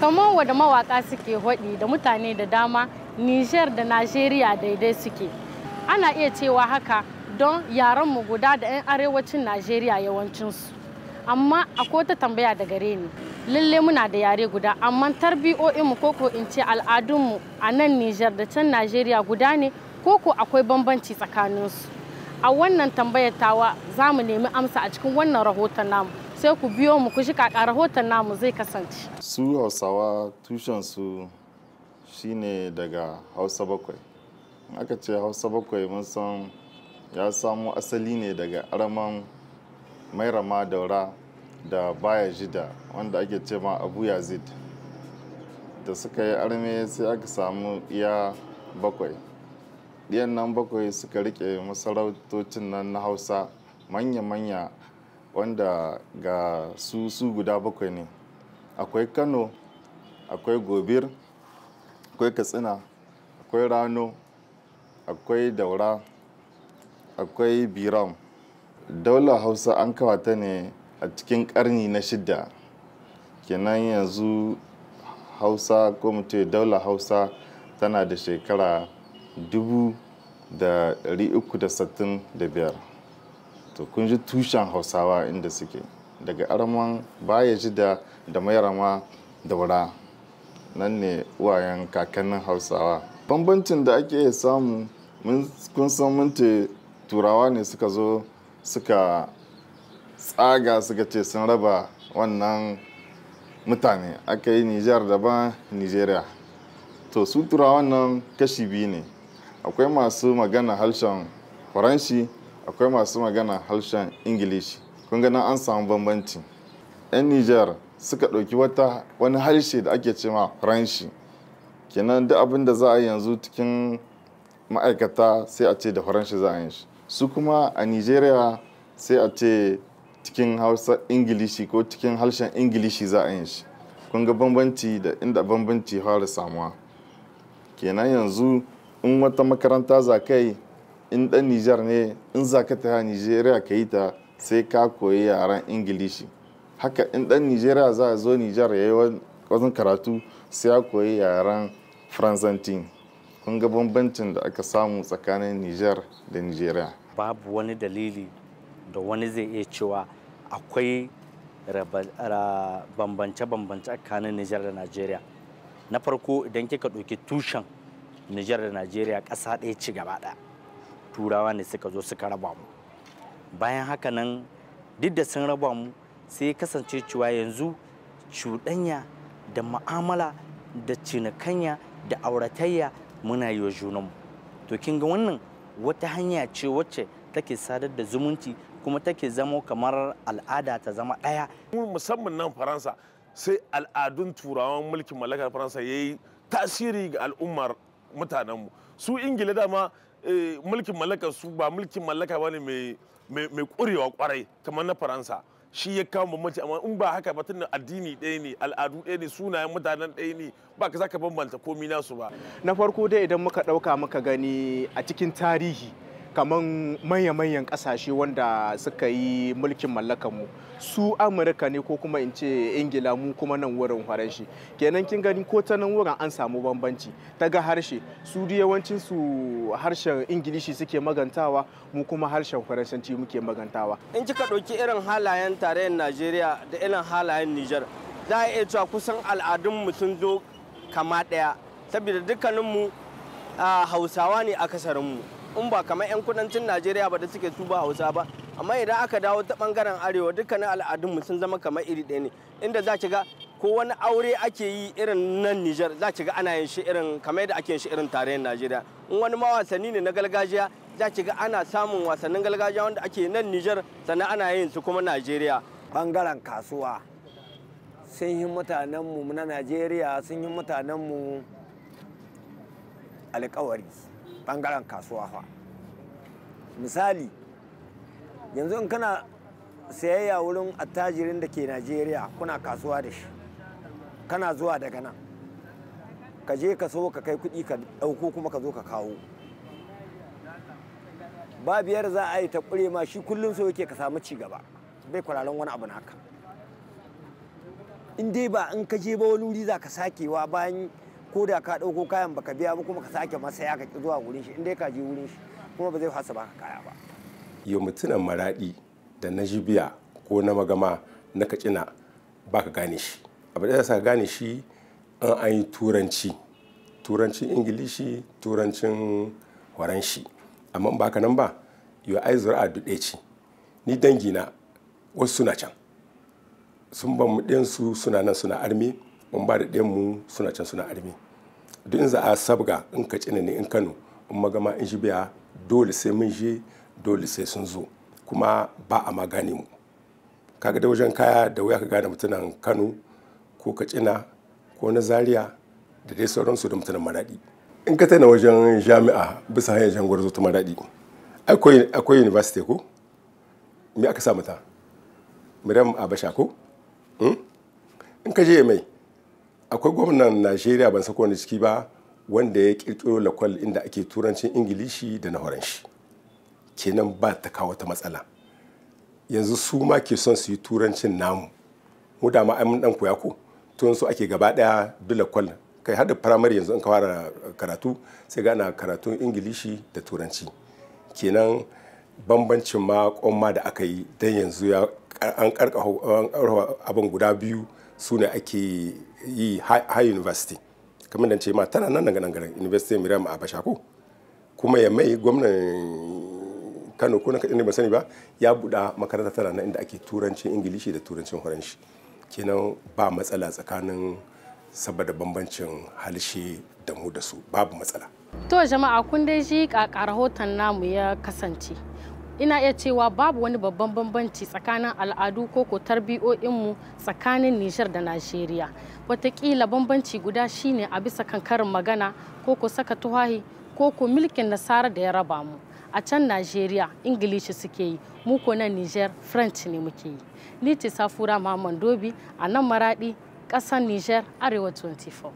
kamar wadda mawaka suke hodi da mutane da dama niger da najeriya daidai suke ana iya cewa haka don mu guda da 'yan arewacin najeriya yawancinsu amma akwai ta tambaya da gare ni lalle muna da yare guda amma tarbiyoyinmu koko in ce al'adunmu a nan niger da can najeriya guda ne koko akwai bambanci tsakaninsu a wannan tambayatawa tawa za mu nemi amsa a cikin wannan rahoton namu sai ku biyo mu ku shi kaka rahoton namu zai kasance su hausawa tushen su shine daga hausa bakwai aka ce hausa bakwai mun san ya samo asali ne daga araman mairama daura da baya jida wanda ake ce ma abu yazid da suka yi arme sai aka samu iya bakwai ɗiyan nan bakwai suka rike masarautocin nan na hausa manya-manya wanda ga su su guda bakwai ne akwai kano akwai gobir akwai katsina akwai rano akwai daura akwai biram daular hausa an kawata ne a cikin karni na shida kenan yanzu hausa ko mutu daular hausa tana da shekara dubu da 365 to kun ji tushen hausawa inda suke daga arman baya ji da da mayarama daura nan ne wayan kakannin hausawa bambancin da ake samu kun san minti turawa ne suka zo suka tsaga suka ce sun raba wannan mutane aka yi nijar daban nigeria to su turawa nan kashi biyu ne akwai masu magana harshen faranshi akwai masu magana harshen ingilishi kun na an samu bambanci 'yan nijar suka ɗauki wata wani harshe da ake cewa faranshi kenan duk abin da za a yanzu cikin ma'aikata sai a ce da faranshi za a shi su kuma a nigeria sai a ce cikin hausa ingilishi ko cikin harshen ingilishi za a yi shi kun bambanci da inda bambanci fara samuwa kenan yanzu in wata makaranta za kai in dan nijar ne in za ka tafi nijeriya ka yi ta sai ka koyi yaren ingilishi haka in dan nijeriya za a zo nijar ya yi wajen karatu sai ya koyi yaren faransantin kun ga bambancin da aka samu tsakanin nijar da Nijeriya. babu wani dalili da wani zai iya cewa akwai bambance-bambance tsakanin nijar da najeriya na farko idan kika ɗauki tushen nijar da nigeria ƙasa ɗaya ci gaba ɗaya turawa ne suka zo suka raba mu bayan haka nan duk da sun raba mu sai kasance cewa yanzu cuɗanya da ma'amala da cinikanya da auratayya muna yi wa junanmu to kin ga wannan wata hanya ce wacce take sadar da zumunci kuma take zama kamar al'ada ta zama ɗaya. musamman nan faransa sai al'adun turawan mulkin mallakar faransa ya yi tasiri ga al'ummar mutanenmu su ingila dama Eh, mulkin mallakar su ba mulkin mallaka ba ne mai ƙurewa kwarai kamar na faransa shi ya kawo bambanci amma in ba haka ba tunan addini ɗaya ne al'adu ɗaya ne sunayen mutanen ɗaya ne ba ka za ka bambanta komi nasu ba na farko dai idan muka ɗauka muka gani a cikin tarihi kamar manya-manyan kasashe wanda suka yi mulkin mallakar mu su amurka ne ko kuma in ce ingila mu kuma nan wurin faranshi kenan kin gani ko ta nan wurin an samu bambanci ta ga harshe su da yawancin su harshen ingilishi suke magantawa mu kuma harshen faransanci muke magantawa in kika ɗauki irin halayen tarayyar najeriya da irin halayen niger za a iya cewa kusan al'adun mu sun zo kama ɗaya saboda dukkaninmu ah, hausawa ne a kasarin mu. in ba kamar 'yan kudancin najeriya ba da suke tuba hausa ba amma idan aka dawo ta bangaren arewa dukkanin al'adunmu sun zama kamar iri ɗaya ne inda za ki ga ko wani aure ake yi irin nan Nijar za ki ga ana yin shi irin kamar yadda ake yin shi irin tarayyar Najeriya in wani ma wasanni ne na gargajiya za ki ga ana samun wasannin gargajiya wanda ake nan Nijar sannan ana yin su kuma Najeriya bangaren kasuwa sun yi mutanenmu na Najeriya sun yi mutanenmu alkawari bangaren kasuwa fa misali yanzu in kana sayayya wurin attajirin da ke najeriya kuna kasuwa da shi kana zuwa daga nan ka je ka so ka kai kuɗi ka ɗauko kuma ka zo ka kawo ba biyar za a yi ta ƙure ma shi kullum so yake ka samu ci gaba bai kwararren wani abu naka in dai ba in ka je ba wani wuri za ka sakewa bayan ko da ka ɗauko kayan baka biya ba kuma ka sake masaya ka ki zuwa wurin shi inda ka je wurin shi kuma ba zai fasa baka kaya ba Yau mutunan maraɗi da na jibiya ko na magama na kacina ba ka gane shi abu da sa gane shi an an yi turanci turancin ingilishi turancin faranshi amma ba ka nan ba yau ai zura'a duɗe ce ni dangina wasu suna can sun ban mu ɗinsu suna nan suna armi mun ba da mu suna can suna armi duk in za a sabga in ka cina ne in kano in magama in biya dole sai mun je dole sai sun zo kuma ba a ma gane mu kaga da wajen kaya da wuya ka gane mutunan kano ko kacina ko na zaria da dai sauransu da mutunan maradi in ka tana wajen jami'a bisa hanyar jan gwarzo ta maradi akwai university ko me aka sa mata miriam abasha ko hmm? in ka je mai akwai gwamnan najeriya ban sako wani ciki ba wanda ya kirkiro lakwal inda ake turancin ingilishi da na horanshi kenan ba ta kawo ta matsala yanzu su ma ke son su yi turancin namu mu da ma mun dan koya ko tun su ake gaba daya bi kwal kai hada firamare yanzu in ka karatu sai gana karatun ingilishi da turanci kenan bambancin ma kwamma da aka yi don yanzu an karkaho abin guda biyu su ne ake yi high university kamar da ce ma tana nan daga nan university miriam abasha ko kuma ya mai gwamnan kano ko na kaɗin ne ba sani ba ya buɗa makaranta tana nan inda ake turancin ingilishi da turancin faranshi kenan ba matsala tsakanin saboda bambancin halshe da mu da su babu matsala to jama'a kun dai shi ƙaƙa rahoton namu ya kasance ina iya cewa babu wani babban bambanci tsakanin al'adu ko ko tarbiyoyinmu tsakanin nijar da najeriya watakila bambanci guda shine a bisa kan karin magana ko ko saka tuhahi ko ko milkin nasara da ya raba mu a can najeriya ingilishi suke yi mu ko nan nijar french ne muke yi ni ce safura ma dobi a nan maradi ƙasar nijar arewa 24